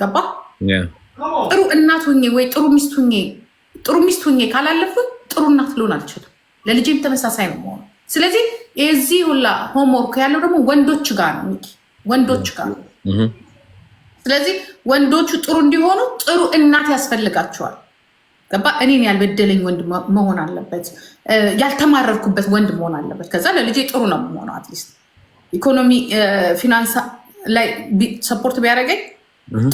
ገባ ጥሩ እናት ሆኜ ወይ ጥሩ ሚስት ሁኜ ጥሩ ሚስት ሁኜ ጥሩ እናት ልሆን አልችልም። ለልጄም ተመሳሳይ ነው መሆኑ። ስለዚህ የዚህ ሁላ ሆምወርክ ያለው ደግሞ ወንዶች ጋር ነው፣ ወንዶች ጋር ነው። mm-hmm. ስለዚህ ወንዶቹ ጥሩ እንዲሆኑ ጥሩ እናት ያስፈልጋቸዋል። ገባ እኔን ያልበደለኝ ወንድ መሆን አለበት። ያልተማረርኩበት ወንድ መሆን አለበት። ከዛ ለልጄ ጥሩ ነው መሆነው አትሊስት ኢኮኖሚ ፊናንስ ላይ ሰፖርት ቢያደርገኝ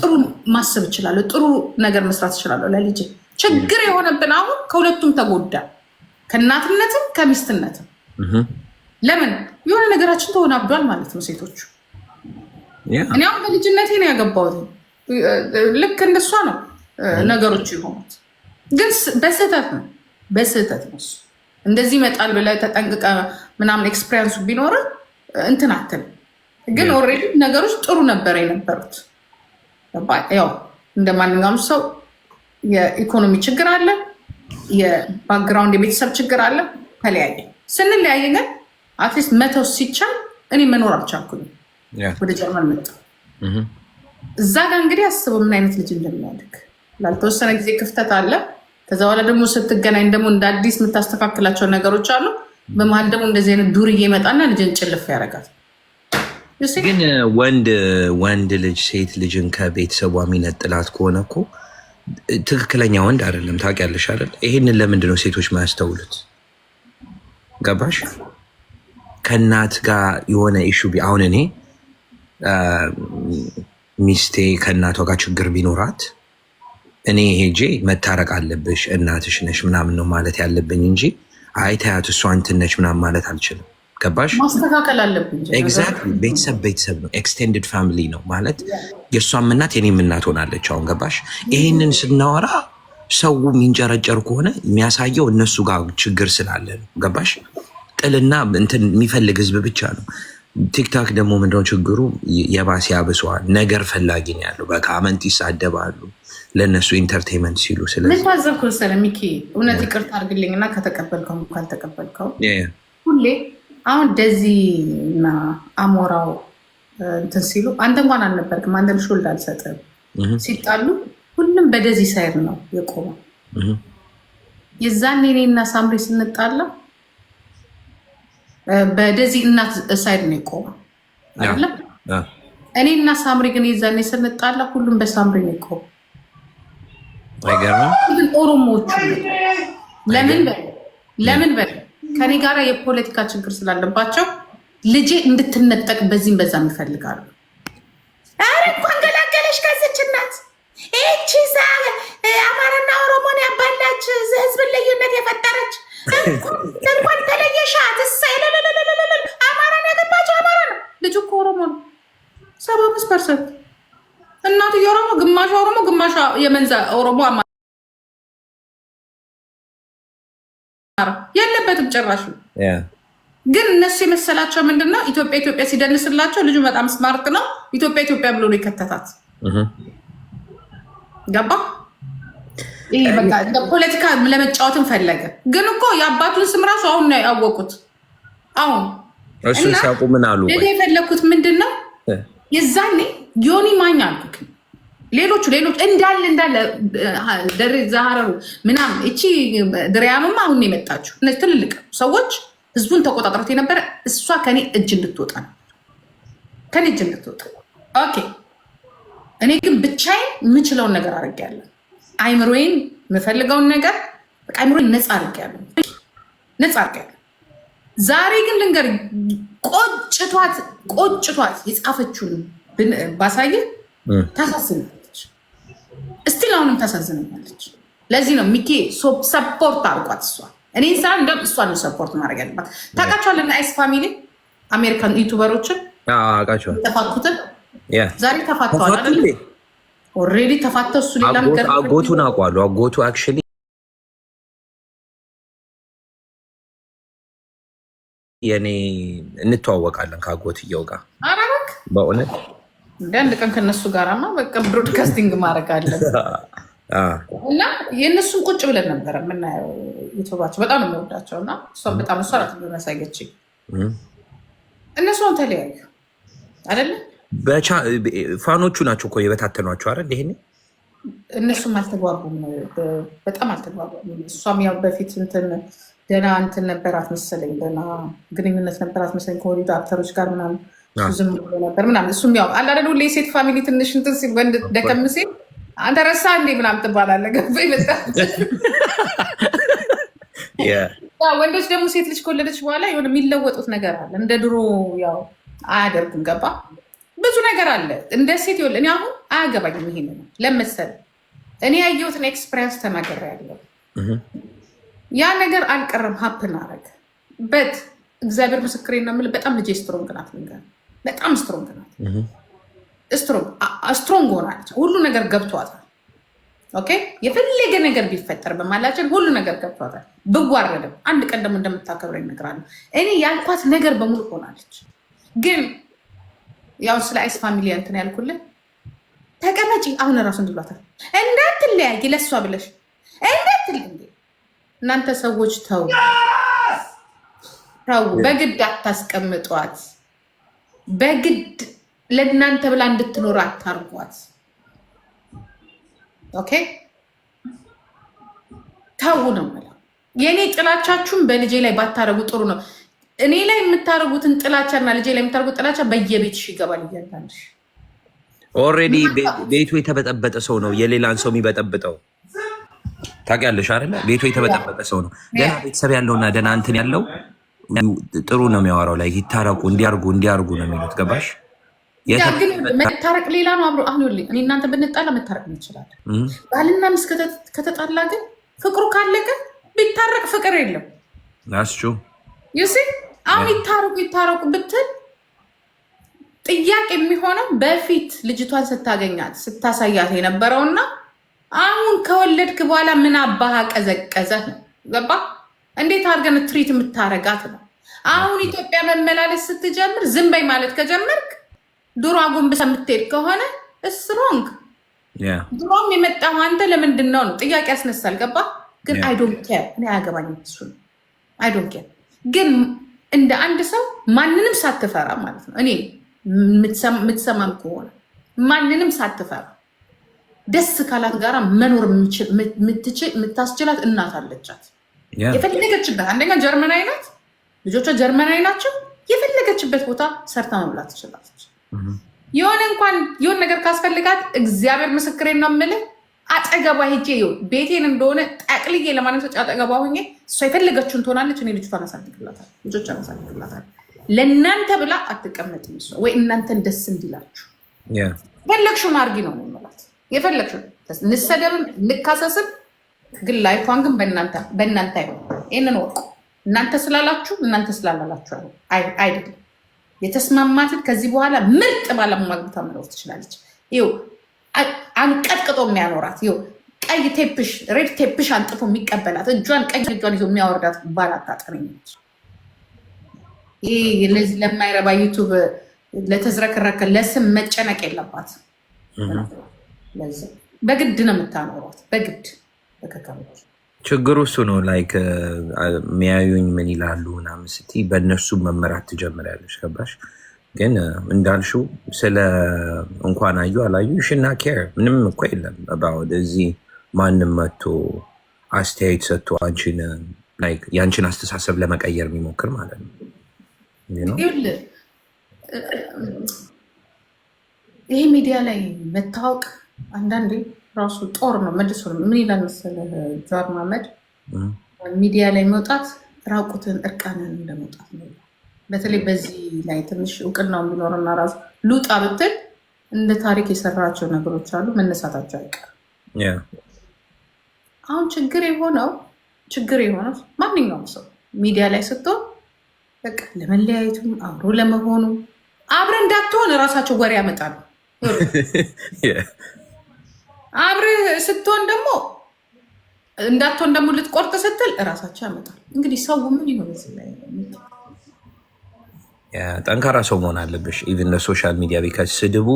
ጥሩ ማሰብ እችላለሁ። ጥሩ ነገር መስራት እችላለሁ ለልጄ። ችግር የሆነብን አሁን ከሁለቱም ተጎዳ፣ ከእናትነትም ከሚስትነትም። ለምን የሆነ ነገራችን ተወናብዷል ማለት ነው። ሴቶቹ እኔ አሁን በልጅነቴ ነው ያገባሁት። ልክ እንደሷ ነው ነገሮቹ የሆኑት፣ ግን በስህተት ነው በስህተት ነው። እንደዚህ ይመጣል ብለህ ተጠንቅቀ ምናምን ኤክስፔሪንሱ ቢኖረ እንትን አትልም። ግን ኦልሬዲ ነገሮች ጥሩ ነበር የነበሩት ያው እንደ ማንኛውም ሰው የኢኮኖሚ ችግር አለ፣ የባክግራውንድ የቤተሰብ ችግር አለ። ተለያየ ስንለያየ ግን አትሊስት መተው ሲቻል እኔ መኖር አልቻልኩኝ። ወደ ጀርመን መጣ። እዛ ጋር እንግዲህ አስበው ምን አይነት ልጅ እንደሚያድግ ላልተወሰነ ጊዜ ክፍተት አለ። ከዛ በኋላ ደግሞ ስትገናኝ ደግሞ እንደ አዲስ የምታስተካክላቸው ነገሮች አሉ። በመሀል ደግሞ እንደዚህ አይነት ዱርዬ ይመጣና ልጅን ጭልፍ ያደርጋል። ግን uh, ወንድ ወንድ ልጅ ሴት ልጅን ከቤተሰቧ የሚነጥላት ከሆነ እኮ ትክክለኛ ወንድ አይደለም። ታውቂያለሽ አይደል? ይሄንን ለምንድን ነው ሴቶች ማያስተውሉት? ገባሽ? ከእናት ጋር የሆነ ኢሹ አሁን እኔ uh, ሚስቴ ከእናቷ ጋር ችግር ቢኖራት እኔ ሄጄ መታረቅ አለብሽ እናትሽ ነሽ ምናምን ነው ማለት ያለብኝ እንጂ አይ ተያት እሷ እንትን ነች ምናምን ማለት አልችልም። ገባሽ? ማስተካከል አለብኝ። ኤግዛክትሊ። ቤተሰብ ቤተሰብ ነው፣ ኤክስቴንድድ ፋሚሊ ነው ማለት የእሷም እናት የኔም እናት ሆናለች። አሁን ገባሽ? Mm-hmm. ይህንን ስናወራ ሰው የሚንጨረጨር ከሆነ የሚያሳየው እነሱ ጋር ችግር ስላለ ነው። ገባሽ? ጥልና እንትን የሚፈልግ ህዝብ ብቻ ነው። ቲክታክ ደግሞ ምንድነው ችግሩ? የባስ ያብሰዋል። ነገር ፈላጊ ነው ያለው። በካመንት ይሳደባሉ ለእነሱ ኢንተርቴንመንት ሲሉ። ስለምን ታዘብክ መሰለህ ሚኪ፣ እውነት ይቅርታ አድርግልኝና ከተቀበልከው ካልተቀበልከው ሁሌ አሁን እንደዚህ እና አሞራው እንትን ሲሉ አንተ እንኳን አልነበርክም። አንተም ሾልድ አልሰጥም። ሲጣሉ ሁሉም በደዚህ ሳይር ነው የቆመው። የዛን እኔ እና ሳምሪ ስንጣላ በደዚህ እናት ሳይድ ነው የቆመው። እኔ እና ሳምሪ ግን የዛን ስንጣላ ሁሉም በሳምሪ ነው የቆመው። ኦሮሞዎቹ ለምን ለምን በ ከኔ ጋር የፖለቲካ ችግር ስላለባቸው ልጄ እንድትነጠቅ በዚህም በዛ ይፈልጋሉ። አረ እንኳን ገላገለሽ ከዚች እናት ይቺ አማራና ኦሮሞን ያባላች ህዝብን ልዩነት የፈጠረች እንኳን ተለየሻት። እሰይ አማራን ያገባቸው አማራ ነው። ልጁ እኮ ኦሮሞ ነው። ሰባ አምስት ፐርሰንት እናቱ የኦሮሞ ግማሽ ኦሮሞ ግማሽ የመንዛ ኦሮሞ ጭራሹ ግን እነሱ የመሰላቸው ምንድን ነው ኢትዮጵያ ኢትዮጵያ ሲደንስላቸው ልጁ በጣም ስማርት ነው። ኢትዮጵያ ኢትዮጵያ ብሎ ነው የከተታት። ገባ ፖለቲካ ለመጫወትን ፈለገ። ግን እኮ የአባቱን ስም ራሱ አሁን ነው ያወቁት። አሁን እሱ ሲያውቁ ምን አሉ? የፈለግኩት ምንድን ነው የዛኔ ዮኒ ማኛ አልኩ ሌሎቹ ሌሎች እንዳለ እንዳለ ደር ዛሃረሩ ምናምን እቺ ድሪያምማ አሁን የመጣችው እነዚህ ትልልቅ ሰዎች ህዝቡን ተቆጣጥረት የነበረ እሷ ከኔ እጅ እንድትወጣ ነው ከኔ እጅ እንድትወጣ ኦኬ። እኔ ግን ብቻዬን የምችለውን ነገር አድርጌያለሁ። አይምሮዬን የምፈልገውን ነገር አይምሮዬን ነፃ አድርጌያለሁ፣ ነፃ አድርጌያለሁ። ዛሬ ግን ልንገር ቆጭቷት ቆጭቷት የጻፈችውን ባሳየ ታሳስነ እስቲል አሁንም ታሳዝነኛለች። ለዚህ ነው ሚኬ ሰፖርት አርጓት እሷ እኔን ስራ እንደም እሷ ነው ሰፖርት ማድረግ ያለባት። ታውቃቸዋለህ? አይስ ፋሚሊ አሜሪካን ዩቱበሮችን ተፋኩትን ዛሬ ተፋተዋል። ኦልሬዲ ተፋተው እሱ ሌላ ነገር አጎቱን አውቋሉ። አጎቱ አክቹዋሊ የኔ እንተዋወቃለን ከአጎትየው ጋር በእውነት እንደ አንድ ቀን ከነሱ ጋራማ በቃ ብሮድካስቲንግ ማድረግ አለ እና የእነሱን ቁጭ ብለን ነበረ የምናየው ዩቱባቸው በጣም የሚወዳቸው እና እሷን በጣም እሷ ራት የሚያሳየች እነሱን ተለያዩ አይደለ ፋኖቹ ናቸው እኮ የበታተኗቸው አይደል ይሄኔ እነሱም አልተግባቡም በጣም አልተግባቡም እሷም ያው በፊት እንትን ደህና እንትን ነበራት መሰለኝ ደህና ግንኙነት ነበራት መሰለኝ ከወሊዱ አክተሮች ጋር ምናምን ዝም ብሎ ነበር ምናምን እሱ ያው አለ አይደል ሁሌ ሴት ፋሚሊ ትንሽ እንትን ሲል ወንድ ደከም ሲል አንተ ረሳ እንዴ ምናምን ትባላለህ። ገባኝ ይመጣ ወንዶች ደግሞ ሴት ልጅ ከወለደች በኋላ የሆነ የሚለወጡት ነገር አለ። እንደ ድሮ ያው አያደርጉም። ገባ ብዙ ነገር አለ። እንደ ሴት ይኸውልህ፣ እኔ አሁን አያገባኝም። ይሄን ለመሰል እኔ ያየሁትን ኤክስፕሪንስ ያለው ያ ነገር አልቀረም፣ ሀፕን አረግ በት እግዚአብሔር ምስክሬ ነው የምልህ። በጣም ልጄ ስትሮንግ ናት። ልንገርህ በጣም ስትሮንግ ናት። ስትሮንግ ሆናለች። ሁሉ ነገር ገብቷታል። ኦኬ የፈለገ ነገር ቢፈጠር በማላችን ሁሉ ነገር ገብቷታል። ብዋረድም አንድ ቀን ደግሞ እንደምታከብረ ይነግራሉ። እኔ ያልኳት ነገር በሙሉ ሆናለች። ግን ያው ስለ አይስ ፋሚሊ እንትን ያልኩልን ተቀመጪ አሁን እራሱ እንድሏታል። እንዳትለያይ ለእሷ ብለሽ እንዳትል እናንተ ሰዎች ተው ተው፣ በግድ አታስቀምጧት። በግድ ለእናንተ ብላ እንድትኖር አታርጓት። ኦኬ ታው ነው የምለው። የእኔ ጥላቻችሁን በልጄ ላይ ባታረጉ ጥሩ ነው። እኔ ላይ የምታደርጉትን ጥላቻ እና ልጄ ላይ የምታደርጉት ጥላቻ በየቤትሽ ይገባል። እያንዳንድሽ ኦልሬዲ ቤቱ የተበጠበጠ ሰው ነው የሌላን ሰው የሚበጠብጠው ታውቂያለሽ አይደለ? ቤቱ የተበጠበጠ ሰው ነው። ደህና ቤተሰብ ያለውና ደህና እንትን ያለው ጥሩ ነው የሚያወራው ላይ ይታረቁ እንዲያርጉ እንዲያርጉ ነው የሚሉት። ገባሽ? መታረቅ ሌላ ነው አብሮ አሁን ል እኔ እናንተ ብንጣላ መታረቅ እንችላለን። ባልና ሚስት ከተጣላ ግን ፍቅሩ ካለቀ ቢታረቅ ፍቅር የለም። ናስቹ ዩሲ አሁን ይታረቁ ይታረቁ ብትል ጥያቄ የሚሆነው በፊት ልጅቷን ስታገኛት ስታሳያት የነበረውና አሁን ከወለድክ በኋላ ምን አባህ ቀዘቀዘ ነው ገባ እንዴት አድርገን ትሪት የምታረጋት ነው። አሁን ኢትዮጵያ መመላለስ ስትጀምር ዝም በይ ማለት ከጀመርክ ድሮ አጎንብሰ የምትሄድ ከሆነ እስሮንግ ድሮም የመጣው አንተ ለምንድን ነው ነው ጥያቄ ያስነሳል። ገባ ግን አይዶን ኬር እኔ አያገባኝም እሱ አይዶን ኬር ግን እንደ አንድ ሰው ማንንም ሳትፈራ ማለት ነው እኔ የምትሰማም ከሆነ ማንንም ሳትፈራ ደስ ካላት ጋራ መኖር የምታስችላት እናት አለቻት። የፈለገችበት አንደኛ ጀርመናዊ ናት፣ ልጆቿ ጀርመናዊ ናቸው። የፈለገችበት ቦታ ሰርታ መብላት ትችላለች። የሆነ እንኳን የሆን ነገር ካስፈልጋት እግዚአብሔር ምስክሬን ነው የምልህ አጠገቧ ሄጄ ቤቴን እንደሆነ ጠቅልዬ ለማለት አጠገቧ ሆኜ እሷ የፈለገችውን ትሆናለች። እኔ ልጅቷን አሳድግላታለሁ፣ ልጆቿን አሳድግላታለሁ። ለእናንተ ብላ አትቀመጥም እሷ ወይ እናንተን ደስ እንዲላችሁ የፈለግሽውን አድርጊ ነው የምንላት። የፈለግሽውን ንሰደብም ንካሰስም ግን ላይቷን ግን በእናንተ አይሆን። ይህንን ወቁ። እናንተ ስላላችሁ እናንተ ስላላላችሁ አይደለም። የተስማማትን ከዚህ በኋላ ምርጥ ባለማግብታ መኖር ትችላለች። ይኸው አንቀጥቅጦ የሚያኖራት ይኸው ቀይ ቴፕሽ ሬድ ቴፕሽ አንጥፎ የሚቀበላት እጇን ቀይ እጇን ይዞ የሚያወርዳት ባል አታጠነኛች። ይህ ለዚህ ለማይረባ ዩቱብ ለተዝረከረከ ለስም መጨነቅ የለባት። በግድ ነው የምታኖሯት በግድ ችግሩ እሱ ነው። ላይክ uh, የሚያዩኝ ምን ይላሉ ምናምን ስትይ በእነሱ መመራት ትጀምሪያለሽ። ገባሽ? ግን uh, እንዳልሽው ስለ እንኳን አዩ አላዩ ሽና ኬር ምንም እኮ የለም። እዚህ ማንም መቶ አስተያየት ሰጥቶ አንቺን የአንቺን uh, አስተሳሰብ ለመቀየር የሚሞክር ማለት ነው። ይሄ ሚዲያ ላይ መታወቅ አንዳንዴ ራሱ ጦር ነው መልሶ። ምን ይላል መሰለህ ጃዋር መሀመድ ሚዲያ ላይ መውጣት ራቁትን እርቃንን እንደመውጣት ነው። በተለይ በዚህ ላይ ትንሽ እውቅናው ቢኖርና ራሱ ሉጣ ብትል እንደ ታሪክ የሰራቸው ነገሮች አሉ፣ መነሳታቸው አይቀርም። አሁን ችግር የሆነው ችግር የሆነው ማንኛውም ሰው ሚዲያ ላይ ስትሆን በቃ ለመለያየቱም አብሮ ለመሆኑ አብረ እንዳትሆን እራሳቸው ወሬ ያመጣሉ። አብርህ ስትሆን ደግሞ እንዳትሆን ደግሞ ልትቆርጥ ስትል እራሳቸው ያመጣል። እንግዲህ ሰው ምን ይሆን ጠንካራ ሰው መሆን አለብሽ። ኢቭን ለሶሻል ሚዲያ ቢካዝ ስድቡ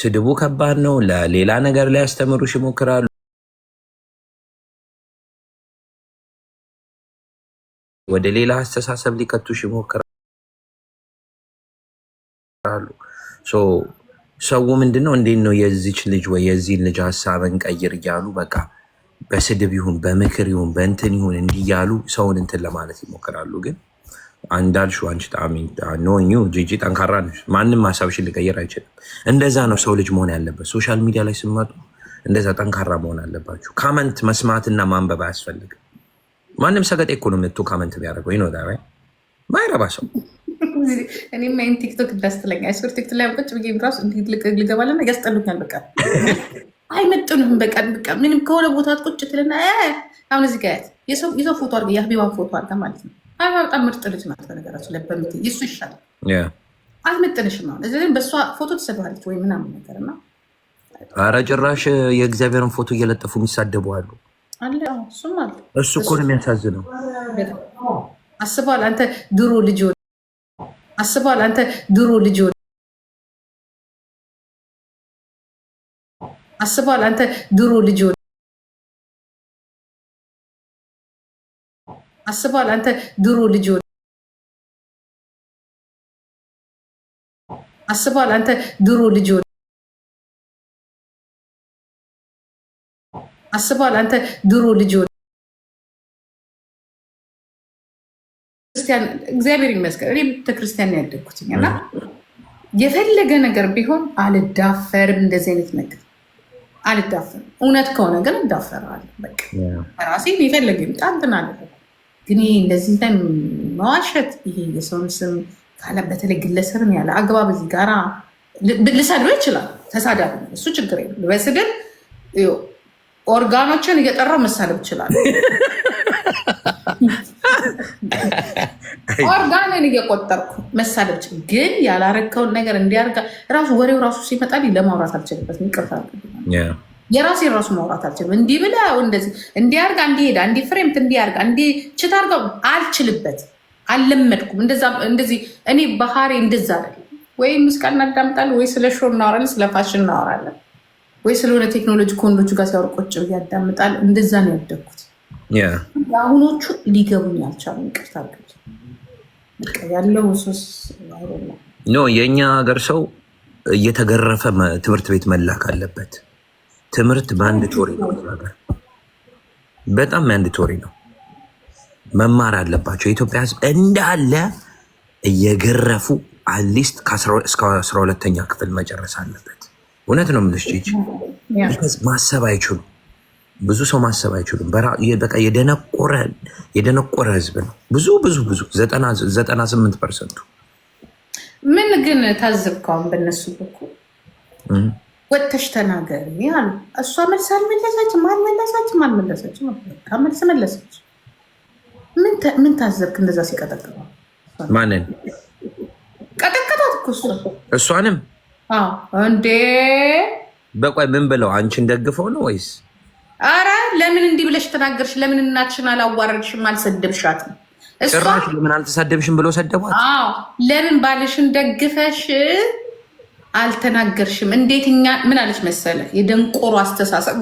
ስድቡ ከባድ ነው። ለሌላ ነገር ሊያስተምሩሽ ይሞክራሉ። ወደ ሌላ አስተሳሰብ ሊከቱሽ ይሞክራሉ። ሰው ምንድነው እንዴት ነው የዚች ልጅ ወይ የዚህ ልጅ ሀሳብን ቀይር እያሉ በቃ በስድብ ይሁን በምክር ይሁን በእንትን ይሁን እንዲያሉ ሰውን እንትን ለማለት ይሞክራሉ። ግን አንዳልሽው አንቺ ኖኙ ጂጂ ጠንካራ ነሽ። ማንም ሀሳብሽን ሊቀይር አይችልም። እንደዛ ነው ሰው ልጅ መሆን ያለበት። ሶሻል ሚዲያ ላይ ስትመጡ እንደዛ ጠንካራ መሆን አለባችሁ። ካመንት መስማትና ማንበብ አያስፈልግም። ማንም ሰገጤ እኮ ነው መጥቶ ካመንት የሚያደርገው ይኖዳ ማይረባ ሰው እኔ ማይን ቲክቶክ እንዳስተለኝ አይሱር ቲክቶክ ላይ ቁጭ ብዬ ራሱ ልገባለና ያስጠሉኛል። በቃ አይመጡንም። በቃ በቃ ምንም ከሆነ ቦታ ቁጭ ትልና አሁን እዚህ ጋር የሰው ፎቶ አድርገህ የሀቢባን ፎቶ አድርገህ ማለት ነው። አይ በጣም ምርጥ ልጅ ናት። በነገራችሁ ላይ በምት ይሻል ይሻላል። አትመጥንሽም። አሁን እዚህ በእሷ ፎቶ ትሰድባለች ወይ ምናምን ነገር ና ኧረ ጭራሽ የእግዚአብሔርን ፎቶ እየለጠፉ የሚሳደቡ አሉ። እሱ እኮ ነው የሚያሳዝነው። አስበዋል አንተ ድሮ ልጅ አስበዋል። አንተ ድሮ ልጅ አስበዋል። አንተ ድሮ ልጅ አስበዋል። አንተ ድሮ ልጅ አስበዋል። አንተ ድሮ ልጅ አስበዋል። አንተ ድሮ ልጅ ቤተክርስቲያን እግዚአብሔር ይመስገን እኔ ቤተክርስቲያን ያደግኩትኝ እና የፈለገ ነገር ቢሆን አልዳፈርም። እንደዚህ አይነት ነገር አልዳፈርም። እውነት ከሆነ ግን እንዳፈራለሁ። በቃ ራሴ የፈለገ ይምጣ እንትን አለ። ግን ይሄ እንደዚህ ላይ መዋሸት፣ ይሄ የሰውን ስም ካለ በተለይ ግለሰብን ያለ አግባብ እዚህ ጋራ ልሰድብ ይችላል። ተሳዳቢ እሱ ችግር የለም። በስድብ ኦርጋኖችን እየጠራው መሳደብ ይችላል። ኦርጋንን እየቆጠርኩ መሳደብ ግን ያላረከውን ነገር እንዲያርጋ ራሱ ወሬው ራሱ ሲመጣ ለማውራት አልችልበትም። ይቅርታ የራሴ ራሱ ማውራት አልችልም። እንዲህ ብላ እንደዚህ እንዲያርጋ እንዲሄዳ እንዲ ፍሬምት እንዲያርጋ እንዲ ችታርጋ አልችልበት አልለመድኩም። እንደዚህ እኔ ባህሪ እንደዛ አይደለም። ወይ ሙዚቃ እናዳምጣለን፣ ወይ ስለ ሾ እናወራለን፣ ስለ ፋሽን እናወራለን፣ ወይ ስለሆነ ቴክኖሎጂ ከወንዶቹ ጋር ሲያወርቆጭ ያዳምጣል። እንደዛ ነው ያደግኩት። የአሁኖቹ ሊገቡኝ አልቻሉም። ይቅርታ ያለው ሶስ አይደለም። ኖ የእኛ ሀገር ሰው እየተገረፈ ትምህርት ቤት መላክ አለበት። ትምህርት ማንድቶሪ ነው፣ በጣም ማንድቶሪ ነው። መማር አለባቸው። የኢትዮጵያ ሕዝብ እንዳለ እየገረፉ አትሊስት እስከ አስራ ሁለተኛ ክፍል መጨረስ አለበት። እውነት ነው የምልሽ ማሰብ አይችሉም። ብዙ ሰው ማሰብ አይችሉም። በቃ የደነቆረ ህዝብ ነው። ብዙ ብዙ ብዙ ዘጠና ስምንት ፐርሰንቱ ምን ግን ታዘብከውን በነሱ በኩል ወጥተሽ ተናገሪ አሉ። እሷ መልስ አልመለሰችም አልመለሰችም አልመለሰችም መልስ መለሰች። ምን ታዘብክ? እንደዛ ሲቀጠቅጠ ማንን ቀጠቀጣት እኮ እሷንም እንዴ በቋይ ምን ብለው አንቺን ደግፈው ነው ወይስ አረ ለምን እንዲህ ብለሽ ተናገርሽ? ለምን እናትሽን አላዋረድሽም? አልሰደብሻትም? ጭራሽ ለምን አልተሰደብሽም ብሎ ሰደቧት። አዎ ለምን ባልሽን ደግፈሽ አልተናገርሽም? እንዴት እኛ ምን አለች መሰለ የደንቆሮ አስተሳሰብ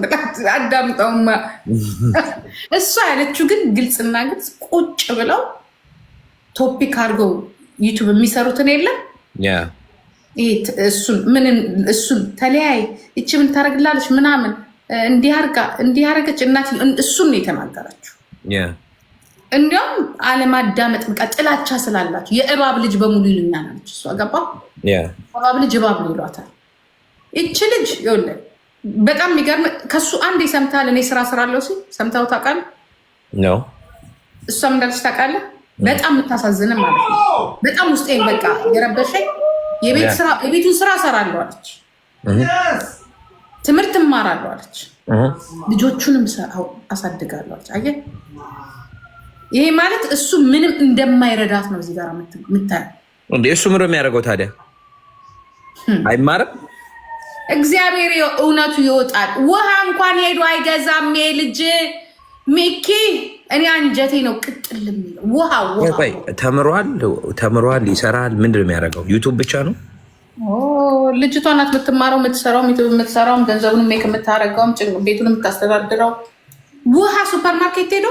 አዳምጠውማ። እሷ ያለችው ግን ግልጽና ግልጽ ቁጭ ብለው ቶፒክ አድርገው ዩቱብ የሚሰሩትን የለም እሱን ምን እሱን ተለያይ እቺ ምን ታደርግላለች ምናምን እንዲህ አደረገች እናት እሱን ነው የተናገራችሁ። እንዲያውም አለማዳመጥ በቃ ጥላቻ ስላላቸው የእባብ ልጅ በሙሉ ይሉኛል አለች እሷ። ገባ እባብ ልጅ እባብ ነው ይሏታል። ይቺ ልጅ ይኸውልህ፣ በጣም የሚገርም ከሱ አንድ ይሰምታል። እኔ ስራ ስራ አለው ሲል ሰምታው ታውቃለህ? እሷም እንዳለች ታውቃለህ? በጣም የምታሳዝንም ማለት ነው። በጣም ውስጤን በቃ የረበሸኝ የቤቱን ስራ ሰራ አለዋለች ትምህርት እማራለሁ አለች። ልጆቹንም አሳድጋለሁ አለች። አየህ፣ ይሄ ማለት እሱ ምንም እንደማይረዳት ነው እዚህ ጋር የምታየው። እንደ እሱ ምሮ የሚያደርገው ታዲያ አይማርም። እግዚአብሔር እውነቱ ይወጣል። ውሃ እንኳን ሄዶ አይገዛም ልጅ ሚኪ። እኔ አንጀቴ ነው ቅጥል የሚለው። ውሃ ተምሯል፣ ተምሯል፣ ይሰራል። ምንድን ነው የሚያደርገው? ዩቱብ ብቻ ነው ልጅቷ ናት የምትማረው፣ የምትሰራው፣ የምትሰራውም ገንዘቡን ሜክ የምታደርገውም ቤቱን የምታስተዳድረው። ውሃ ሱፐርማርኬት ሄዶ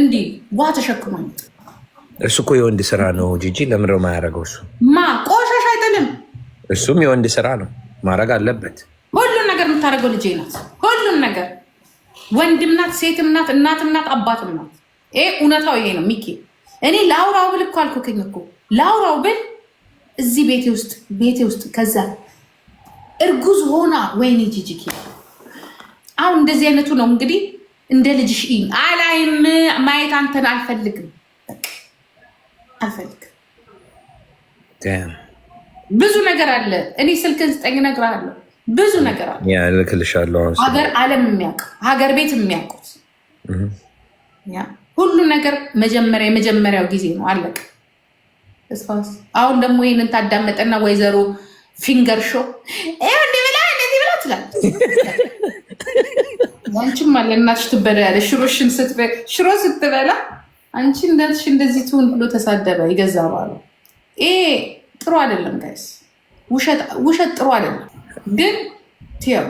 እንዲህ ውሃ ተሸክሞ እርሱ እኮ የወንድ ስራ ነው ጂጂ። ለምንድነው የማያደርገው? እሱ ማ ቆሻሻ አይጥልም። እሱም የወንድ ስራ ነው ማድረግ አለበት። ሁሉን ነገር የምታደርገው ልጄ ናት። ሁሉን ነገር ወንድም ናት፣ ሴትም ናት፣ እናትም ናት፣ አባትም ናት። ይሄ እውነታው ይሄ ነው ሚኪ። እኔ ለአውራው ብል እኮ አልኩክኝ እኮ ለአውራው ብል እዚህ ቤቴ ውስጥ ቤቴ ውስጥ ከዛ እርጉዝ ሆና ወይኔ ጂጂኪ አሁን እንደዚህ አይነቱ ነው እንግዲህ እንደ ልጅሽ አላይም ማየት አንተን አልፈልግም አልፈልግም ብዙ ነገር አለ እኔ ስልክን ስጠኝ እነግርሃለሁ ብዙ ነገር አለ እልክልሻለሁ ሀገር አለም የሚያውቅ ሀገር ቤት የሚያውቁት ሁሉ ነገር መጀመሪያ የመጀመሪያው ጊዜ ነው አለቀ አሁን ደግሞ ይህንን ታዳመጠና ወይዘሮ ፊንገር ሾ እንዲህ ብላ እንደዚህ ብላ ትላለች። አንቺም አለ እናትሽ ትበላለች። ሽሮሽን ሽሮ ስትበላ አንቺ እናትሽ እንደዚህ ትሁን ብሎ ተሳደበ። ይገዛ ባሉ ይሄ ጥሩ አይደለም ጋይስ፣ ውሸት ጥሩ አይደለም ግን ትየው